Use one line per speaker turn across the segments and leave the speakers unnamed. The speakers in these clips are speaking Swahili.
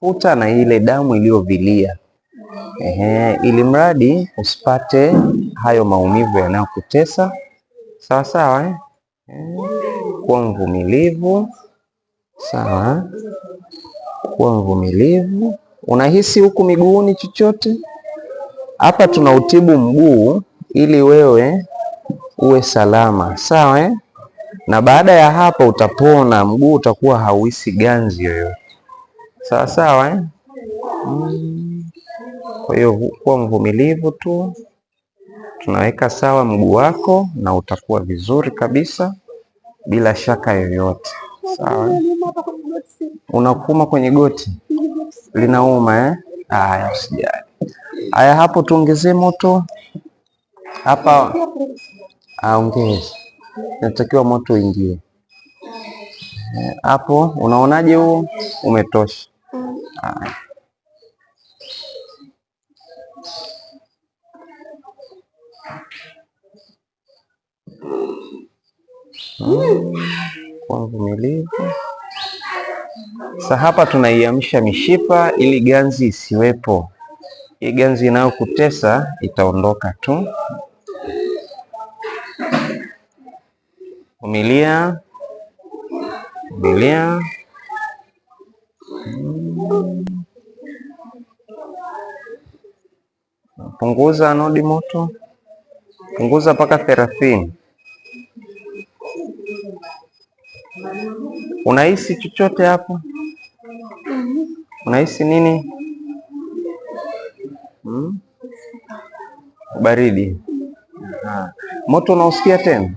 futa na ile damu iliyovilia, ehe, ili mradi usipate hayo maumivu yanayokutesa. Sawa sawa, eh? Kuwa mvumilivu, sawa, eh? kuwa mvumilivu. Unahisi huku miguuni chochote? Hapa tuna utibu mguu ili wewe uwe salama, sawa eh? Na baada ya hapa utapona, mguu utakuwa hauhisi ganzi yoyote sawa sawa, eh? Mm. Kwa hiyo kuwa mvumilivu tu, tunaweka sawa mguu wako na utakuwa vizuri kabisa bila shaka yoyote. Sawa, eh? unakuma kwenye goti linauma eh? Haya, usijali. Haya, hapo tuongezee moto hapa, aongeze, natakiwa moto ingie hapo eh, unaonaje? Huo umetosha ah. Hmm. kwa vumilivu sa hapa tunaiamsha mishipa ili ganzi isiwepo. Hii ganzi inayokutesa itaondoka tu. Vumilia kuogelea punguza nodi moto, punguza mpaka thelathini. Unahisi chochote hapo? Unahisi nini? Hmm? Baridi. Aha. Moto unausikia tena?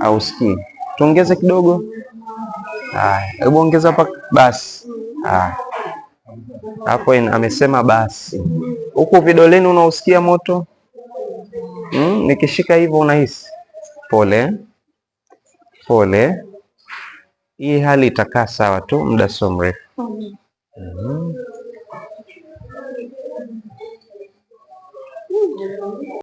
Ausikii. Tuongeze kidogo. Haya, hebu ongeza hapa basi. Haya, hapo amesema basi. Huku vidoleni unausikia moto? Mm, nikishika hivyo unahisi pole pole. Hii hali itakaa sawa tu, muda sio mrefu. mm -hmm.